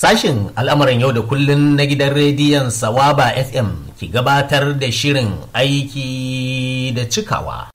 Sashin al'amuran yau da kullun na gidan rediyon Sawaba FM ki gabatar da shirin aiki da cikawa.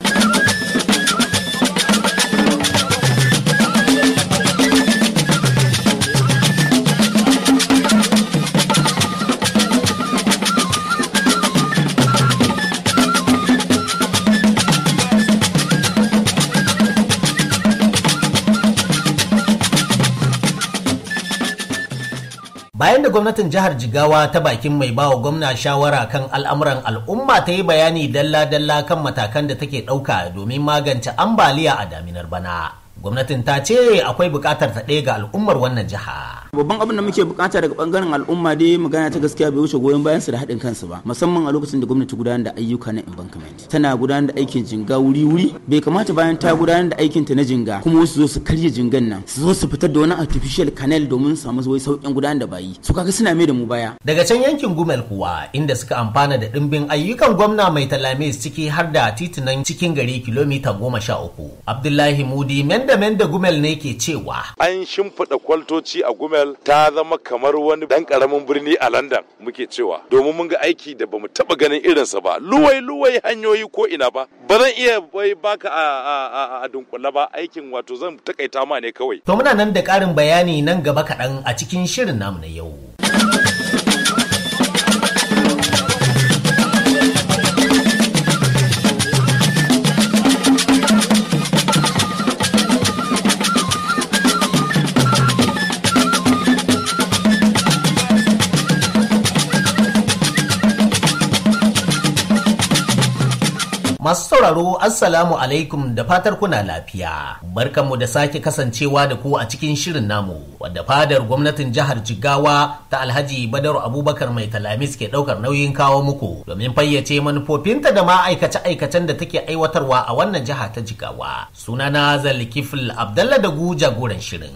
bayan da gwamnatin jihar jigawa ta bakin mai bawa gwamna shawara kan al'amuran al'umma ta yi bayani dalla-dalla kan matakan da take ɗauka domin magance ambaliya a daminar bana gwamnatin ta ce akwai bukatar ta ɗaya ga al'ummar wannan jiha babban abin da muke bukata daga bangaren al'umma dai magana ta gaskiya bai wuce goyon bayan su da haɗin kansu ba musamman a lokacin da gwamnati gudanar da ayyuka na embankment tana gudanar da aikin jinga wuri wuri bai kamata bayan ta gudanar da aikin ta na jinga kuma wasu zo su karya jingan nan su zo su fitar da wani artificial canal domin su samu wai sauƙin gudanar da bayi su kaga suna mai da mu baya daga can yankin gumel kuwa inda suka amfana da ɗimbin ayyukan gwamna mai talamis ciki har da titunan cikin gari kilomita goma sha uku abdullahi mudi menda Alamen da Gumel ne ke cewa. An shimfiɗa kwaltoci a Gumel ta zama kamar wani ɗan ƙaramin birni a London muke cewa domin mun ga aiki da bamu taɓa ganin irinsa ba luwai luwai hanyoyi ko ina ba ba zan iya bai baka a, a, dunkula ba aikin wato zan takaita ma ne kawai. To muna nan da ƙarin bayani nan gaba kaɗan a cikin shirin namu na yau. Masu sauraro Assalamu alaikum da fatar kuna lafiya. Barkanmu da sake kasancewa da ku a cikin shirin namu wadda fadar gwamnatin jihar Jigawa ta Alhaji Badar Abubakar mai talamis ke ɗaukar nauyin kawo muku domin fayyace manufofinta da ma aikacen da take aiwatarwa a wannan jiha ta Jigawa. Sunana Zalikifil Abdallah Gu jagoran shirin.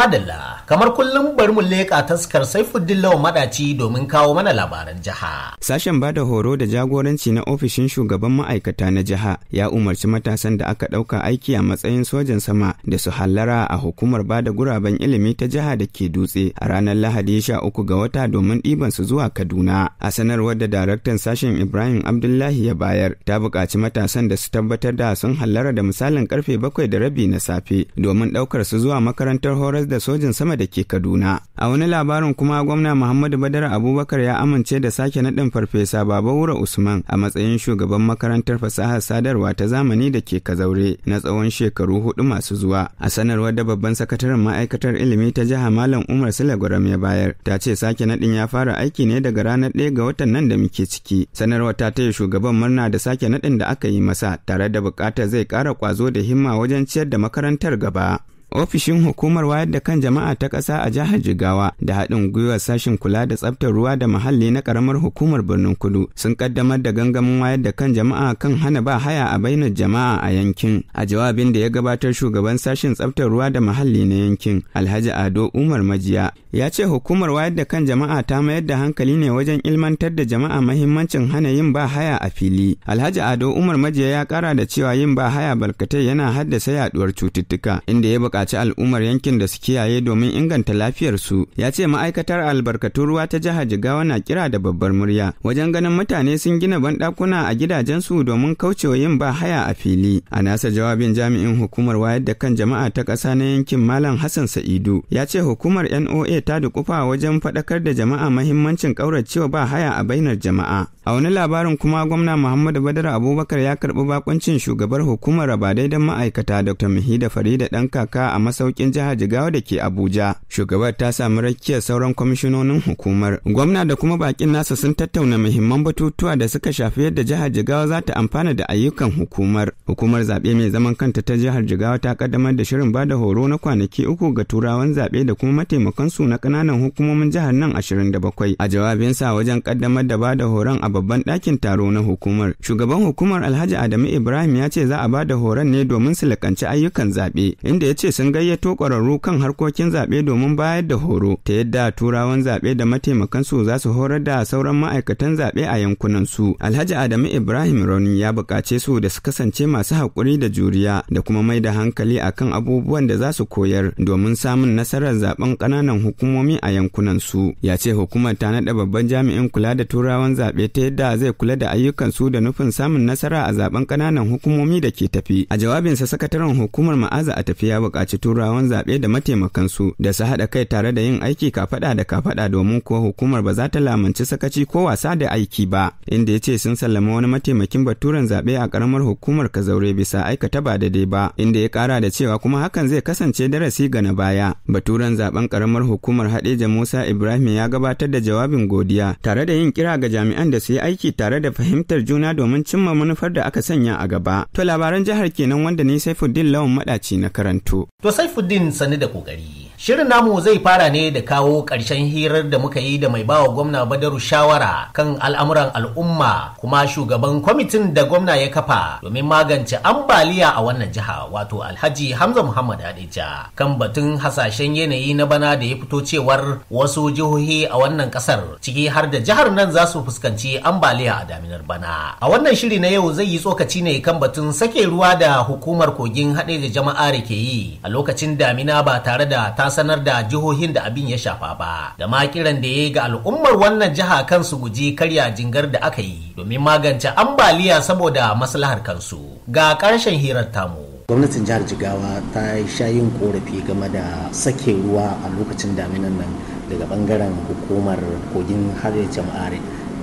madalla kamar kullum bari mu leƙa taskar saifuddin lawan madaci domin kawo mana labaran jiha Sashen ba da horo da jagoranci na ofishin shugaban ma'aikata na jiha ya umarci matasan da aka ɗauka aiki a matsayin sojan sama da su hallara a hukumar ba da guraben ilimi ta jiha da ke dutse a ranar Lahadi sha uku ga wata domin ɗiban su zuwa Kaduna. A sanarwar da daraktan sashen Ibrahim Abdullahi ya bayar ta buƙaci matasan da su tabbatar da sun hallara da misalin karfe bakwai da rabi na safe domin ɗaukar su zuwa makarantar horas da sojan sama da ke Kaduna. A wani labarin kuma gwamna Muhammadu badara Abubakar ya amince da sake naɗin farfesa baba wura usman a matsayin shugaban makarantar fasahar sadarwa ta zamani da ke kazaure na tsawon shekaru hudu masu zuwa a sanarwar da babban sakataren ma'aikatar ilimi ta jiha malam umar silagwaram ya bayar ta ce sake naɗin ya fara aiki ne daga ranar ɗaya ga watan nan da muke ciki sanarwar ta taya shugaban murna da sake naɗin da aka yi masa tare da buƙatar zai ƙara ƙwazo da himma wajen ciyar da makarantar gaba ofishin hukumar wayar da kan jama'a ta ƙasa a jihar jigawa da haɗin gwiwar sashen kula da tsaftar ruwa da muhalli na ƙaramar hukumar birnin kudu sun ƙaddamar da gangamin wayar da kan jama'a kan hana ba haya a bainar jama'a a yankin a jawabin da ya gabatar shugaban sashen tsaftar ruwa da muhalli na yankin alhaji ado umar majiya ya ce hukumar wayar da kan jama'a ta mayar da hankali ne wajen ilmantar da jama'a mahimmancin hana yin ba haya a fili alhaji ado umar majiya ya ƙara da cewa yin ba haya barkatai yana haddasa yaduwar cututtuka inda ya buƙaci al'ummar yankin da su kiyaye domin inganta lafiyarsu ya ce ma'aikatar albarkatun ruwa ta jihar jigawa na kira da babbar murya wajen ganin mutane sun gina banɗakuna a gidajensu domin kaucewa yin ba haya a fili a nasa jawabin jami'in hukumar wayar da kan jama'a ta ƙasa na yankin malam hassan sa'idu ya ce hukumar noa ta dukufa wajen faɗakar da jama'a mahimmancin ƙauracewa ba haya a bainar jama'a a wani labarin kuma gwamna muhammadu badar abubakar ya karɓi bakuncin shugabar hukumar rabadai don ma'aikata dr mihida farida ɗan kaka a masaukin jihar Jigawa da ke Abuja. Shugabar ta samu rakiyar sauran kwamishinonin hukumar. Gwamna da kuma bakin nasa sun tattauna muhimman batutuwa da suka shafi yadda jihar Jigawa za ta amfana da ayyukan hukumar. Hukumar zaɓe mai zaman kanta ta jihar Jigawa ta kaddamar da shirin bada horo na kwanaki uku ga turawan zaɓe da kuma su na ƙananan hukumomin jihar nan ashirin da bakwai. A jawabin sa wajen kaddamar da bada horon a babban ɗakin taro na hukumar. Shugaban hukumar Alhaji Adamu Ibrahim ya ce za a bada horon ne domin su lakanci ayyukan zaɓe, inda ya ce sun gayyato ƙwararru kan harkokin zaɓe domin bayar da horo ta yadda turawan zaɓe da mataimakansu za su horar da sauran ma'aikatan zaɓe a yankunansu. Alhaji Adamu Ibrahim Rauni ya buƙace su da su kasance masu haƙuri da juriya da kuma mai da hankali akan abubuwan da za su koyar domin samun nasarar zaɓen ƙananan hukumomi a yankunansu. Ya ce hukumar ta naɗa babban jami'in kula da turawan zaɓe ta yadda zai kula da ayyukansu da nufin samun nasara a zaɓen ƙananan hukumomi da ke tafi. A jawabinsa sakataren hukumar ma'aza a tafiya buƙaci buƙaci turawan zaɓe da mataimakansu da su haɗa kai tare da yin aiki kafaɗa da kafaɗa domin ko hukumar ba za ta lamanci sakaci ko wasa da aiki ba inda ya ce sun sallama wani mataimakin baturen zaɓe a ƙaramar hukumar kazaure bisa aikata ba da dai ba inda ya ƙara da cewa kuma hakan zai kasance darasi ga na baya baturen zaɓen ƙaramar hukumar haɗeja musa ibrahim ya gabatar da jawabin godiya tare da yin kira ga jami'an da su yi aiki tare da fahimtar juna domin cimma manufar da aka sanya a gaba to labaran jihar kenan wanda ni saifuddin lawan maɗaci na karantu To Saifuddin sani da kokari Shirin namu zai fara ne da kawo ƙarshen hirar da muka yi da mai bawa gwamna Badaru shawara kan al'amuran al'umma kuma shugaban kwamitin da gwamna ya kafa domin magance ambaliya a wannan jiha wato Alhaji Hamza Muhammad Adija kan batun hasashen yanayi na bana da ya fito cewar wasu jihohi a wannan ƙasar ciki har da jihar nan za su fuskanci ambaliya a daminar bana. A wannan shiri na yau zai yi tsokaci ne kan batun sake ruwa da hukumar kogin haɗe da jama'a da ke yi a lokacin damina ba tare da ta a sanar da jihohin da abin ya shafa ba da ma kiran da ya yi ga al'ummar wannan jiha kan su guji karya jingar da aka yi domin magance ambaliya saboda maslahar kansu ga ƙarshen hirar tamu gwamnatin jihar jigawa ta sha yin korafi game da sake ruwa a lokacin daminan nan daga bangaren hukumar kogin har jama'a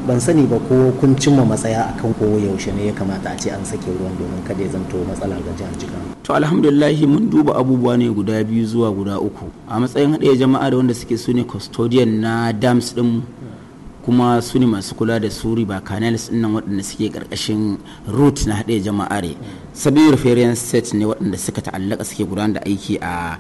ban sani ba ko kun cimma matsaya a kan ko yaushe ne ya kamata a ce an sake ruwan domin kada ya zanto matsala ga jihar jigawa to alhamdulillah mun duba abubuwa ne guda biyu zuwa guda uku a matsayin haɗe jama'a da wanda suke su ne custodian na dams din kuma su ne masu kula da suri ba canals din nan waɗanda suke ƙarƙashin route na haɗe jama'a ne sabi state ne waɗanda suka ta'allaka suke gudanar da aiki a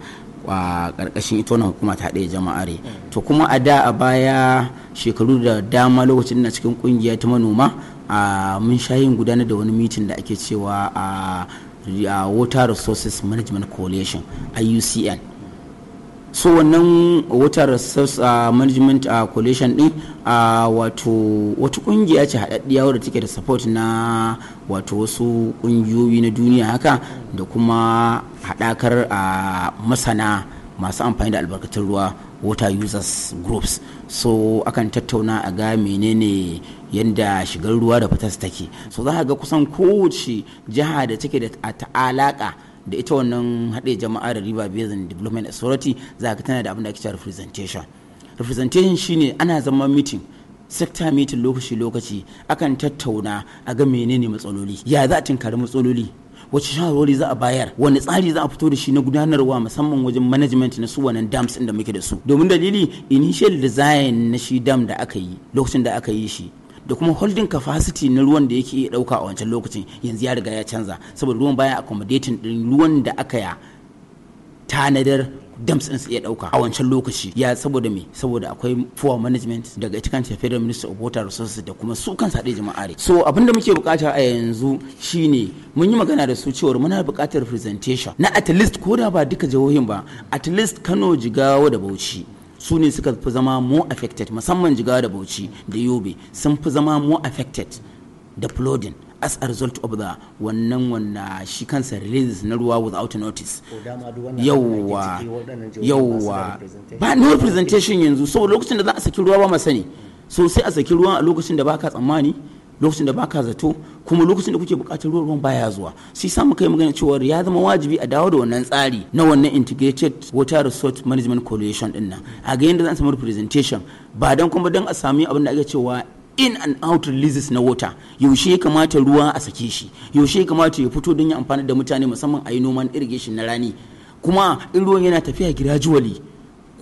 a ƙarƙashin ita wannan hukuma ta jama'a jama'are to kuma a da a baya shekaru da dama lokacin na cikin ƙungiya ta manoma a mun sha yin gudanar da wani mitin da ake cewa a water resources management coalition iucn so wannan water resource uh, management a uh, coalition din a uh, wato wata kungiya ce haɗaɗɗiya wadda take da support na wato wasu ƙungiyoyi na duniya haka da kuma haɗakar a masana masu amfani da albarkatun ruwa water users groups so akan tattauna a ga menene yadda shigar ruwa da fitar take so za ga kusan kowace jiha da take da alaka. da ita wannan haɗe jama'a da river basin development authority za ka tana da abin da ake cewa representation representation shine ana zama meeting sector meeting lokaci-lokaci akan tattauna a ga menene matsaloli ya za a tinkari matsaloli wace shawarwari za a bayar wani tsari za a fito da shi na gudanarwa musamman wajen management na su wannan dams din da muke da su domin dalili initial design na shi dam da aka yi lokacin da aka yi shi da kuma holding capacity na ruwan da yake iya dauka a wancan lokacin yanzu ya riga ya canza saboda ruwan baya accommodating din ruwan da aka ya tanadar dams ɗin su iya ɗauka a wancan lokaci ya saboda me saboda akwai poor management daga ita kanta federal minister of water resources da kuma su kansa ɗaya jama'a ne so abin da muke bukata a yanzu shine mun yi magana da su cewar muna bukatar presentation na at least ko da ba duka jihohin ba at least Kano Jigawa da Bauchi su ne suka fi zama more affected musamman jiga da bauchi da yobe sun fi zama more affected da flooding as a result of the wannan wannan shi kansa release na ruwa without notice yauwa yauwa ba no presentation yanzu so lokacin da za a saki ruwa ba ma sani so sai a saki ruwa a lokacin da baka tsammani lokacin da baka zato kuma lokacin da kuke bukatar ruwan ruwan baya zuwa sai samu kai magana cewa ya zama wajibi a dawo da wannan tsari na wannan integrated water resource management coalition din nan a ga yadda zan samu representation ba dan kuma dan a sami abin da ake cewa in and out releases na water yaushe ya kamata ruwa a sake shi yaushe ya kamata ya fito don ya amfani da mutane musamman a yi noman irrigation na rani kuma in ruwan yana tafiya gradually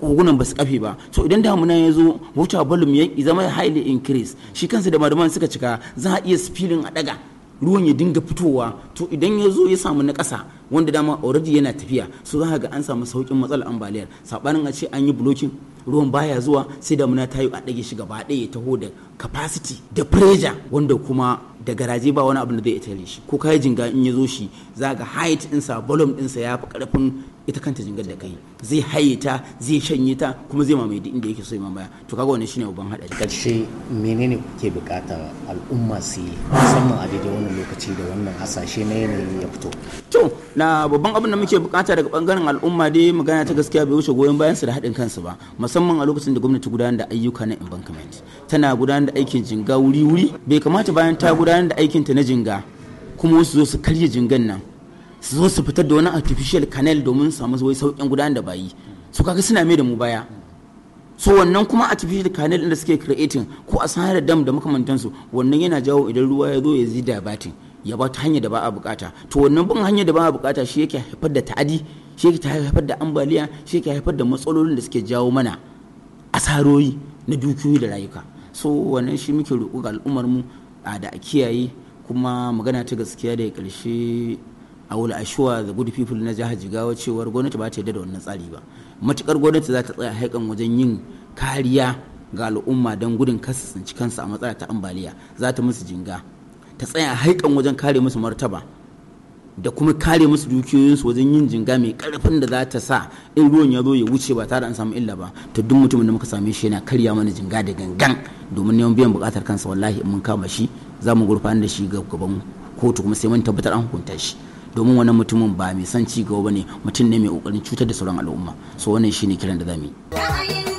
kogunan ba su kafe ba so idan damuna ya zo water volume ya zama highly increase shi kansa da madaman suka cika za a iya spilling a daga ruwan ya dinga fitowa to idan ya zo ya samu na ƙasa wanda dama already yana tafiya so za ga an samu saukin matsalar ambaliyar sabanin a ce an yi blocking ruwan baya zuwa sai damuna ta yi a ɗage shi gaba ɗaya ya taho da capacity da pressure wanda kuma da garaje ba wani abu da zai itali shi ko kayi jinga in ya zo shi za ga height ɗinsa volume ɗinsa ya fi ƙarfin ita kanta jingar da kai zai haye ta zai shanye ta kuma zai mamaye duk inda yake so ya baya to kaga wannan shine babban hadari karshe menene kuke bukata al'umma su yi musamman a daidai wannan lokaci da wannan hasashe na yanayi ya fito to na babban abin da muke bukata daga bangaren al'umma dai magana ta gaskiya bai wuce goyon bayan su da haɗin kansu ba musamman a lokacin da gwamnati gudanar da ayyuka na embankment tana gudanar da aikin jinga wuri-wuri bai kamata bayan ta gudanar da aikinta na jinga kuma wasu zo su karya jingan nan su zo su fitar da wani artificial canal domin samu wai sauƙin gudanar da bayi su kaga suna mai da mu baya so wannan kuma artificial canal inda da suke creating ko a sanar da dam da makamantansu wannan yana jawo idan ruwa ya zo ya zida batin ya ba ta hanyar da ba a bukata to wannan bin hanyar da ba a bukata shi yake haifar da ta'adi shi yake haifar da ambaliya shi yake haifar da matsalolin da suke jawo mana asaroyi na dukiyoyi da rayuka so wannan shi muke roƙo ga al'ummar mu a da a kiyaye kuma magana ta gaskiya da ƙarshe a wula ashuwa da good people na jihar jigawa cewar gwamnati ba ta yarda da wannan tsari ba matukar gwamnati za ta tsaya haikan wajen yin kariya ga al'umma don gudun kasa tsinci kansa a matsala ta ambaliya za ta musu jinga ta tsaya haikan wajen kare musu martaba da kuma kare musu dukiyoyinsu wajen yin jinga mai karfin da za ta sa in ruwan ya zo ya wuce ba tare an samu illa ba to duk mutumin da muka same shi yana karya mana jinga da gangan domin neman biyan bukatar kansa wallahi in mun kama shi za mu gurfanar da shi ga gaban kotu kuma sai mun tabbatar an hukunta shi domin wannan mutumin ba mai son ci gaba ne mutum ne mai kokarin cutar da sauran al'umma so wannan shine kiran da zamu yi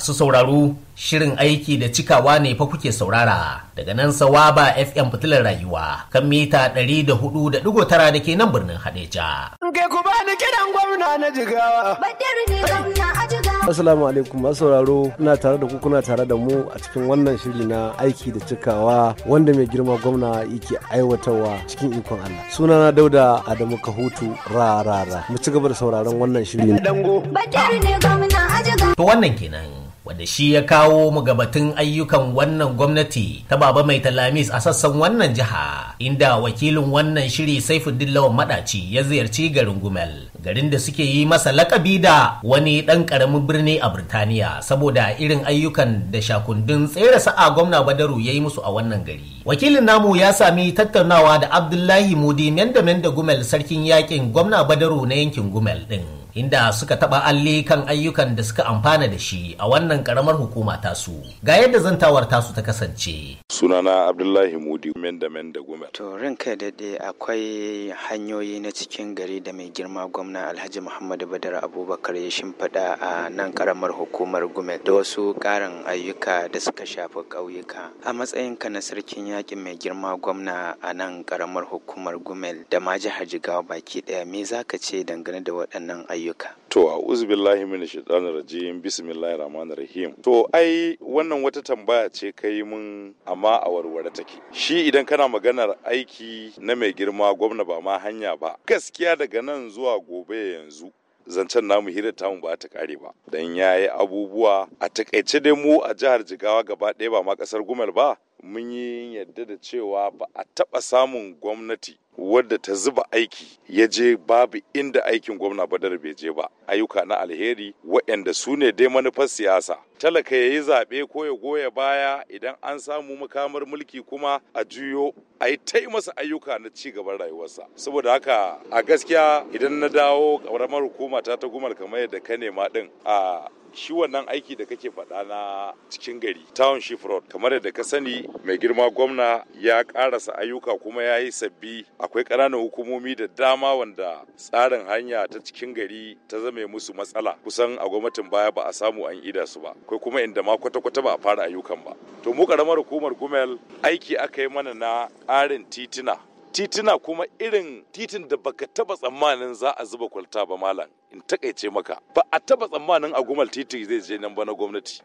Masu sauraro shirin aiki da cikawa ne fa kuke saurara daga nan sawaba FM fitilar rayuwa kan mita 104.9 da ke nan birnin Hadeja. Kai ku ba ni kiran gwamna na jigawa. Badar a Assalamu alaikum masu sauraro na tare da kuna tare da mu a cikin wannan shiri na aiki da cikawa wanda mai girma gwamna yake aiwatarwa cikin ikon Allah. Suna na Dauda Adamu Kahutu rarara. Mu ci gaba da sauraron wannan shiri. Dango. ne gwamna a jigawa. To wannan kenan. wanda shi ya kawo mu gabatun ayyukan wannan gwamnati ta baba mai talamis a sassan wannan jiha inda wakilin wannan shiri saifuddin lawan madaci ya ziyarci garin gumel garin da suke yi masa lakabi da wani dan karamin birni a birtaniya saboda irin ayyukan da shakundun tsere sa'a gwamna badaru ya yi musu a wannan gari wakilin namu ya sami tattaunawa da abdullahi mudi menda menda gumel sarkin yakin gwamna badaru na yankin gumel din inda suka taba alli kan ayyukan da suka amfana da shi a wannan karamar hukuma su, ga yadda zantawar su ta kasance sunana abdullahi mudi menda menda gume to ranka daɗe akwai hanyoyi na cikin gari da mai girma gwamna alhaji muhammadu badar abubakar ya shimfiɗa a nan karamar hukumar gume da wasu ƙaran ayyuka da suka shafi ƙauyuka a matsayin ka na sarkin yakin mai girma gwamna a nan karamar hukumar gumel da ma jihar jigawa baki ɗaya me zaka ce dangane da waɗannan ayyuka ayyuka to a'udhu billahi minash shaitanir rajim bismillahir rahmanir rahim to ai wannan wata tambaya ce kai mun amma a warware take shi idan kana maganar aiki na mai girma gwamna ba ma hanya ba gaskiya daga nan zuwa gobe yanzu zancen namu hira tamu ba ta kare ba dan yayi abubuwa a takaice dai mu a jihar jigawa gaba ɗaya ba ma ƙasar gumel ba mun yi yadda da cewa ba a taɓa samun gwamnati wadda ta zuba aiki ya je babu inda aikin gwamna badar bai je ba ayyuka na alheri waɗanda su ne dai manufar siyasa talaka ya yi zaɓe ko ya goya baya idan an samu makamar mulki kuma a juyo a yi ta masa ayyuka na ci gaban rayuwarsa saboda haka a gaskiya idan na dawo ƙaramar hukuma ta ta gumar kamar yadda ka nema ɗin a shi wannan aiki da kake faɗa na cikin gari township road kamar yadda ka sani mai girma gwamna ya ƙarasa ayyuka kuma ya yi sabbi akwai ƙananan hukumomi da dama wanda tsarin hanya ta cikin gari ta zama musu matsala kusan a gwamnatin baya ba a samu an ida su ba akwai kuma inda ma kwata-kwata ba a fara ayyukan ba to mu ƙaramar hukumar gumel aiki aka yi mana na ƙarin titina titina kuma irin titin da baka taba tsammanin za a zuba kwalta ba malam in takaice maka ba a taba tsammanin a gumal titi zai je nan ba na gwamnati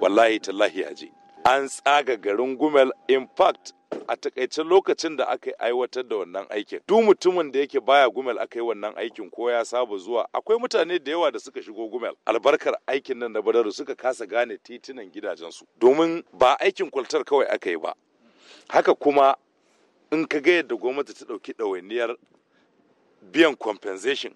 wallahi tallahi aje an tsaga garin gumal in fact a takaice lokacin da aka aiwatar da wannan aikin duk mutumin da yake baya gumel aka yi wannan aikin ko ya saba zuwa akwai mutane da yawa da suka shigo gumel albarkar aikin nan da badaru suka kasa gane titunan gidajensu domin ba aikin kwaltar kawai aka yi ba haka kuma in ka ga yadda gwamnati ta ɗauki ɗawainiyar biyan compensation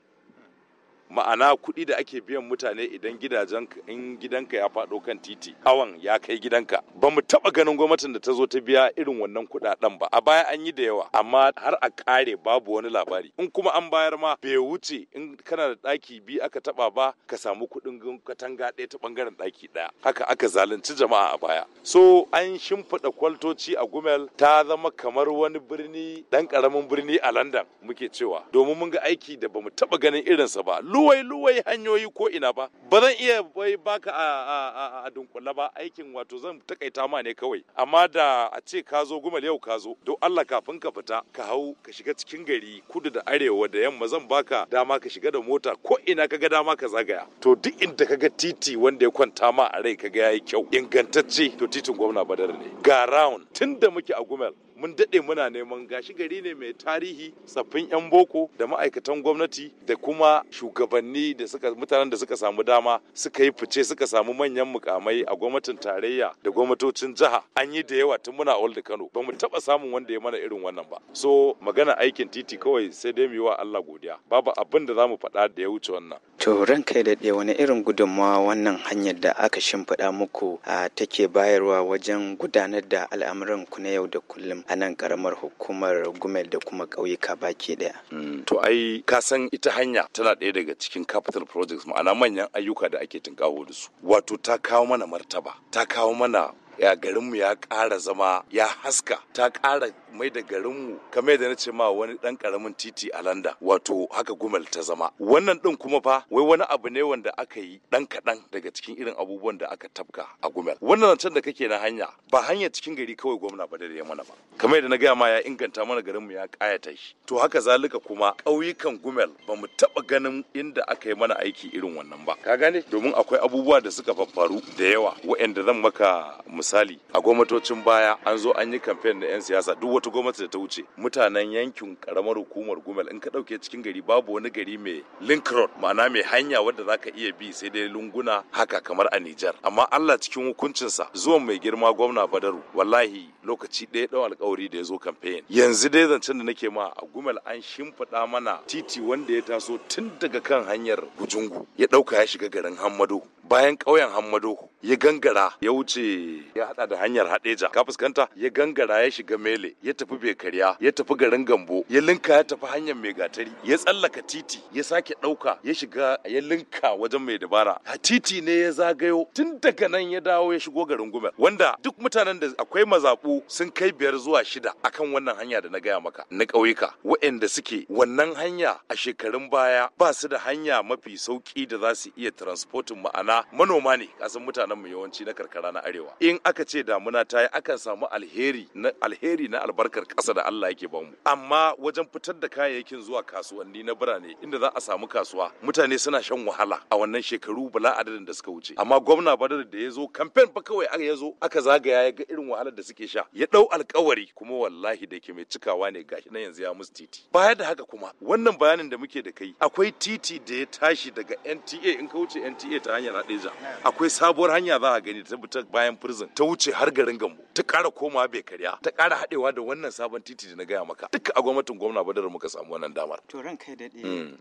ma'ana kuɗi da ake biyan mutane idan gidajen in gidanka ya faɗo kan titi awan ya kai gidanka ba mu taɓa ganin gwamnatin da ta zo ta biya irin wannan kuɗaɗen ba a baya an yi da yawa amma har a ƙare babu wani labari in kuma an bayar ma bai wuce in kana da ɗaki biyu aka taɓa ba ka samu kuɗin katanga ɗaya ta ɓangaren ɗaki ɗaya haka aka zalunci jama'a a baya so an shimfiɗa kwaltoci a gumel ta zama kamar wani birni ɗan ƙaramin birni a landan muke cewa domin mun ga aiki da bamu taɓa ganin irinsa ba luwai-luwai hanyoyi ko ina ba ba zan iya bai baka a, a, dunkula ba aikin wato zan takaita ma ne kawai amma da a ce ka zo gumal yau ka zo don Allah kafin ka fita ka hau ka shiga cikin gari kudu da arewa da yamma zan baka dama ka shiga da mota ko ina ka ga dama ka zagaya to duk inda ka ga titi wanda ya kwanta ma a rai ka ga yayi kyau ingantacce to titin gwamna badar ne ga round tunda muke a gumel. mun daɗe muna neman gashi gari ne mai tarihi saffin 'yan boko da ma'aikatan gwamnati da kuma shugabanni da suka mutanen da suka samu dama suka yi fice suka samu manyan mukamai a gwamnatin tarayya da gwamnatocin jiha an yi da yawa tun muna old kano ba mu taɓa samun wanda ya mana irin wannan ba so magana aikin titi kawai sai dai mu yi wa Allah godiya babu abin da za mu faɗa da ya wuce wannan. to ranka kai daɗe wani irin gudunmawa wannan hanyar da aka shimfiɗa muku take bayarwa wajen gudanar da al'amuran ku na yau da kullum a nan karamar hukumar gumel da kuma ƙauyuka baki daya. Mm. to ai ka san ita hanya tana ɗaya daga cikin capital projects ma'ana manyan ayyuka da ake tunkawo da su wato ta kawo mana martaba ta kawo mana ya garinmu ya kara zama ya haska ta kara mai da garinmu kamar da na ce ma wani dan karamin titi a landa wato haka gumel ta zama wannan din kuma fa wai wani abu ne wanda aka yi ɗan kaɗan daga cikin irin abubuwan da aka tabka a gumel wannan can da kake na hanya ba hanya cikin gari kawai gwamna ba da ya mana ba kamar da na gaya ma ya inganta mana garinmu ya kayata shi to haka zalika kuma ƙauyukan gumel ba mu taɓa ganin inda aka yi mana aiki irin wannan ba ka gane domin akwai abubuwa da suka faffaru da yawa waɗanda zan maka misali a gwamnatocin baya an zo an yi kamfen da 'yan siyasa duk wata gwamnati da ta wuce mutanen yankin karamar hukumar gumel in ka ɗauke cikin gari babu wani gari mai link road ma'ana mai hanya wadda za ka iya bi sai dai lunguna haka kamar a Nijar amma Allah cikin hukuncinsa zuwan mai girma gwamna Badaru wallahi lokaci ɗaya ɗan alkawari da ya zo kamfen yanzu dai zancen da nake ma a gumel an shimfiɗa mana titi wanda ya taso tun daga kan hanyar gujungu. ya ɗauka ya shiga garin Hammado bayan ƙauyen Hammado ya gangara ya wuce ya hada da hanyar hadeja ka fuskanta ya gangara ya shiga mele ya tafi bekariya ya tafi garin gambo ya linka ya tafi hanyar mai gatari ya tsallaka titi ya sake dauka ya shiga ya linka wajen mai dabara a titi ne ya zagayo tun daga nan ya dawo ya shigo garin gume wanda duk mutanen da akwai mazabu sun kai biyar zuwa shida akan wannan hanya da na gaya maka na ƙauyuka waɗanda suke wannan hanya a shekarun baya ba su da hanya mafi sauki da za su iya transportin ma'ana manoma ne kasan mutanen mu yawanci na karkara na arewa in aka ce damuna ta yi akan samu alheri na alheri na albarkar ƙasa da Allah yake bamu amma wajen fitar da kayayyakin zuwa kasuwanni na birane inda za a samu kasuwa mutane suna shan wahala a wannan shekaru bala adadin da suka wuce amma gwamna badar da ya zo kamfen fa kawai aka ya zo aka zagaya ya ga irin wahalar da suke sha ya dau alkawari kuma wallahi da ke mai cikawa ne gashi na yanzu ya musu titi baya da haka kuma wannan bayanin da muke da kai akwai titi da ya tashi daga NTA in ka wuce NTA ta hanyar Adeja akwai sabuwar hanya za a gani ta bayan prison ta wuce har garin gambo ta ƙara komawa bai karya ta ƙara haɗewa da wannan sabon titi da na gaya maka duk a gwamnatin gwamna badar muka samu wannan damar to ran kai daɗe mm.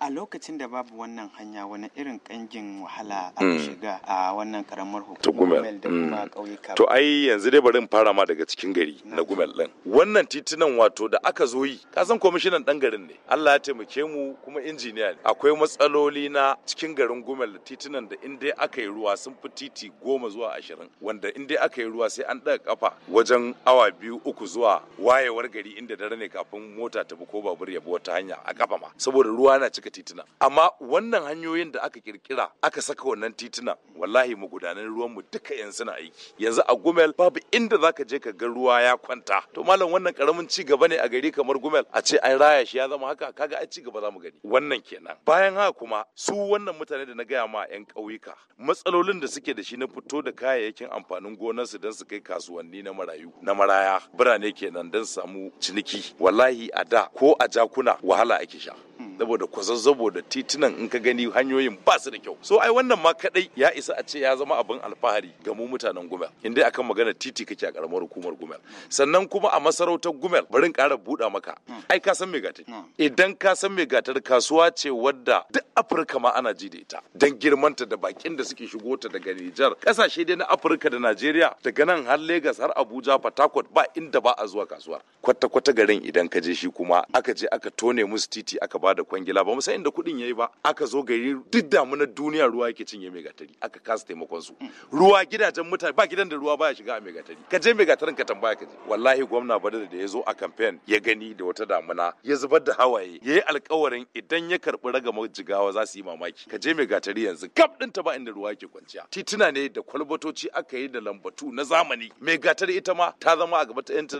a lokacin da babu wannan hanya wani irin kanjin wahala mm. a shiga a wannan karamar hukumar da kuma mm. ƙauyuka to ai yanzu dai bari in fara ma daga cikin gari na gumel ɗin wannan titunan wato da aka zo yi ka san kwamishinan ɗan garin ne Allah ya taimake mu kuma injiniya ne akwai matsaloli na cikin garin gumel titunan da in dai aka yi ruwa sun fi titi goma zuwa ashirin wanda wanda in dai aka yi ruwa sai an ɗaga kafa wajen awa biyu uku zuwa wayewar gari inda dare ne kafin mota ta bi ko babur ya bi wata hanya a kafa ma saboda ruwa na cika tituna amma wannan hanyoyin da aka kirkira aka saka wannan tituna wallahi gudanar ruwan mu duka yan suna aiki yanzu a gumel babu inda zaka je ka ga ruwa ya kwanta to malam wannan karamin ci gaba ne a gari kamar gumel a ce an raya shi ya zama haka kaga ai ci gaba za mu gani wannan kenan bayan haka kuma su wannan mutane da na gaya ma yan ƙauyuka matsalolin da suke da shi na fito da kayayyakin amfani amfanin gonarsu don su kai kasuwanni na marayu na maraya birane kenan don samu ciniki wallahi a da ko a jakuna wahala ake sha saboda kwazazzabo da titunan in ka gani hanyoyin ba su da kyau so ai wannan ma kadai ya isa a ce ya zama abin alfahari ga mu mutanen gumel in dai akan magana titi kake a karamar hukumar gumel sannan kuma a masarautar gumel bari in kara buɗa maka hmm. ai ka san me gatar hmm. idan ka san me gatar kasuwa ce wadda duk afirka ma ana ji da ita don girmanta da bakin da suke shigo ta daga nijar kasashe dai na afirka da najeriya daga nan har Legas har abuja port ba inda ba a zuwa kasuwar kwata-kwata garin idan ka je shi kuma aka je aka tone musu titi aka bada. kwangila ba mu san inda kuɗin yayi ba aka zo gari duk damunar duniya ruwa yake cinye gatari aka kasa taimakon su ruwa gidajen mutane ba gidan da ruwa baya shiga a gatari ka je mai gatarin ka tambaya ka je wallahi gwamna badar da ya zo a campaign ya gani da wata damuna ya zubar da hawaye ya yi alkawarin idan ya karɓi ragamar jigawa za su yi mamaki ka je mai gatari yanzu gab ɗin ta ba inda ruwa yake kwanciya tituna ne da kwalbatoci aka yi da lambatu na zamani mai gatari ita ma ta zama a gaba ta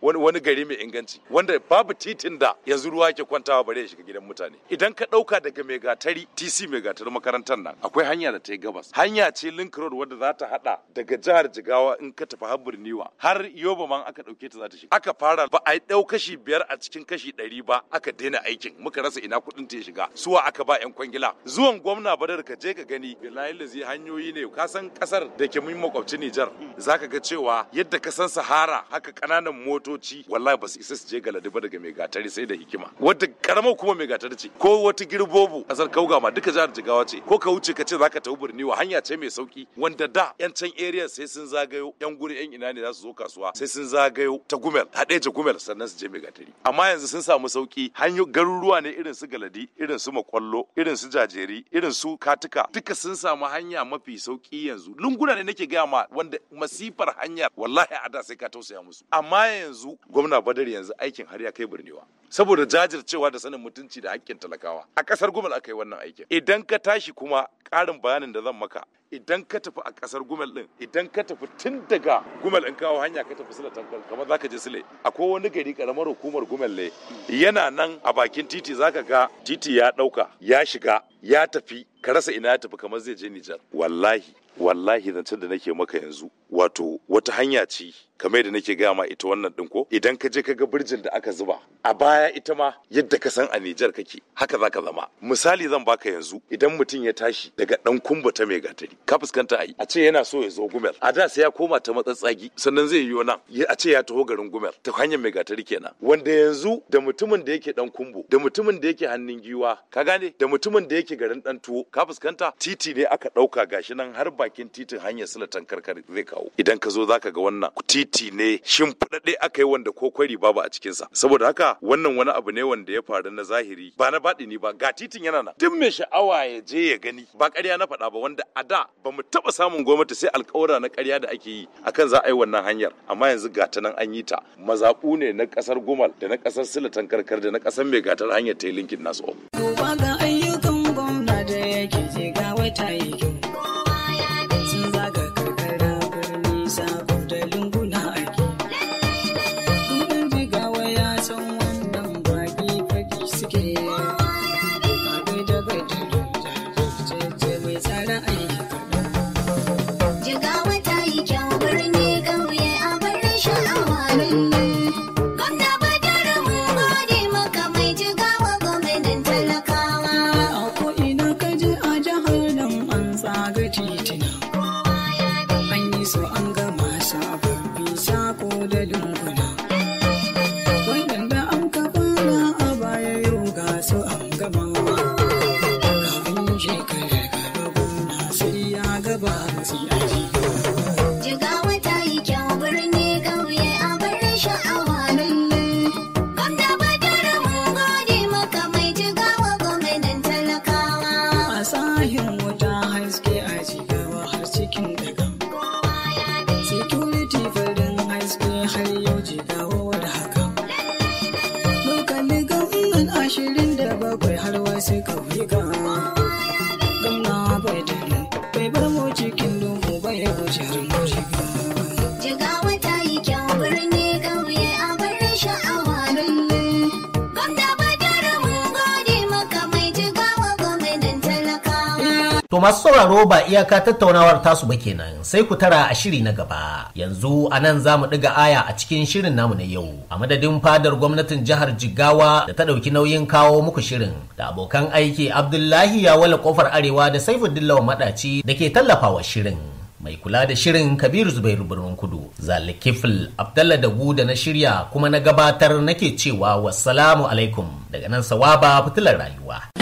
wani gari mai inganci wanda babu titin da yanzu ruwa yake kwantawa bare ya shiga gidan gidajen mutane idan ka ɗauka daga mai gatari tc mai gatari makarantar nan akwai hanya da ta yi gabas hanya ce link road wadda za ta haɗa daga jihar jigawa in ka tafi har birniwa har yoba man aka ɗauke ta za ta shiga aka fara ba a ɗau kashi biyar a cikin kashi ɗari ba aka daina aikin muka rasa ina kuɗin ta shiga suwa aka ba 'yan kwangila zuwan gwamna badar ka je ka gani bilayin da zai hanyoyi ne ka san ƙasar da ke mun makwabci nijar za ka ga cewa yadda ka san sahara haka ƙananan motoci wallahi ba su isa su je galadi ba daga mai gatari sai da hikima wadda karamar kuma mai gatar ce ko wata girbobu kasar ma duka jihar jigawa ce ko ka wuce ka ce zaka tafi birni wa hanya ce mai sauki wanda da yan can area sai sun zagayo yan guri yan ina ne za su zo kasuwa sai sun zagayo ta gumel ta gumel sannan su je mai gatari amma yanzu sun samu sauki hanyo garuruwa ne irin su galadi irin su makwallo irin su jajeri irin su katuka duka sun samu hanya mafi sauki yanzu lunguna ne nake gaya ma wanda masifar hanyar wallahi a da sai ka tausaya musu amma yanzu gwamna badar yanzu aikin har ya kai birniwa saboda jajircewa da sanin mutunci da hakkin talakawa a ƙasar gumal aka yi wannan aikin idan ka tashi kuma ƙarin bayanin da zan maka idan ka tafi a ƙasar gumal ɗin idan ka tafi tun daga gumal in kawo hanya ka tafi sila tankar kamar zaka je sile akwai wani gari karamar hukumar gumal ne yana nan a bakin titi zaka ga titi ya ɗauka ya shiga ya tafi ka rasa ina ya tafi kamar zai je Nijar wallahi wallahi zancen da nake maka yanzu wato wata hanya ce kamar da nake gaya ma ita wannan ɗin ko idan ka je ka ga birjin da aka zuba a baya ita ma yadda ka san a Nijar kake haka za ka zama misali zan baka yanzu idan mutum ya tashi daga ɗan kumba ta mai gatari ka fuskanta a yi a ce yana so ya zo gumel a da sai ya koma ta matsatsagi sannan zai yi nan a ce ya taho garin gumel ta hanyar mai gatari kenan wanda yanzu da mutumin da yake ɗan kumbo da mutumin da yake hannun giwa ka gane da mutumin da yake garin ɗan tuwo ka fuskanta titi ne aka ɗauka gashi nan har bakin titin hanyar silatan karkar zai kawo dawo idan ka zo zaka ga wannan titi ne shimfiɗaɗɗe aka yi wanda ko kwari babu a cikinsa saboda haka wannan wani abu ne wanda ya faru na zahiri ba na baɗi ni ba ga titin yana nan duk mai sha'awa ya je ya gani ba ƙarya na faɗa ba wanda a da ba mu taɓa samun gwamnati sai alƙawura na ƙarya da ake yi akan za a yi wannan hanyar amma yanzu gata nan an yi ta mazaɓu ne na ƙasar gumal da na ƙasar silatan karkar da na ƙasar mai gatar hanyar ta yi linkin nasu. Duba ga ayyukan gwamna da yake je ga wata yake masu sauraro ba iyaka tattaunawar tasu ba kenan sai ku tara a shiri na gaba. Yanzu a nan za mu ɗiga aya a cikin shirin namu na yau. A madadin fadar gwamnatin jihar Jigawa da ta ɗauki nauyin kawo muku shirin da abokan aiki Abdullahi Yawala kofar Arewa da Saifuddin Lawan Maɗaci da ke tallafawa shirin. mai kula da shirin kabiru zubairu birnin kudu zalikifil abdalla dagu da na shirya kuma na gabatar nake cewa wassalamu alaikum daga nan sawaba fitilar rayuwa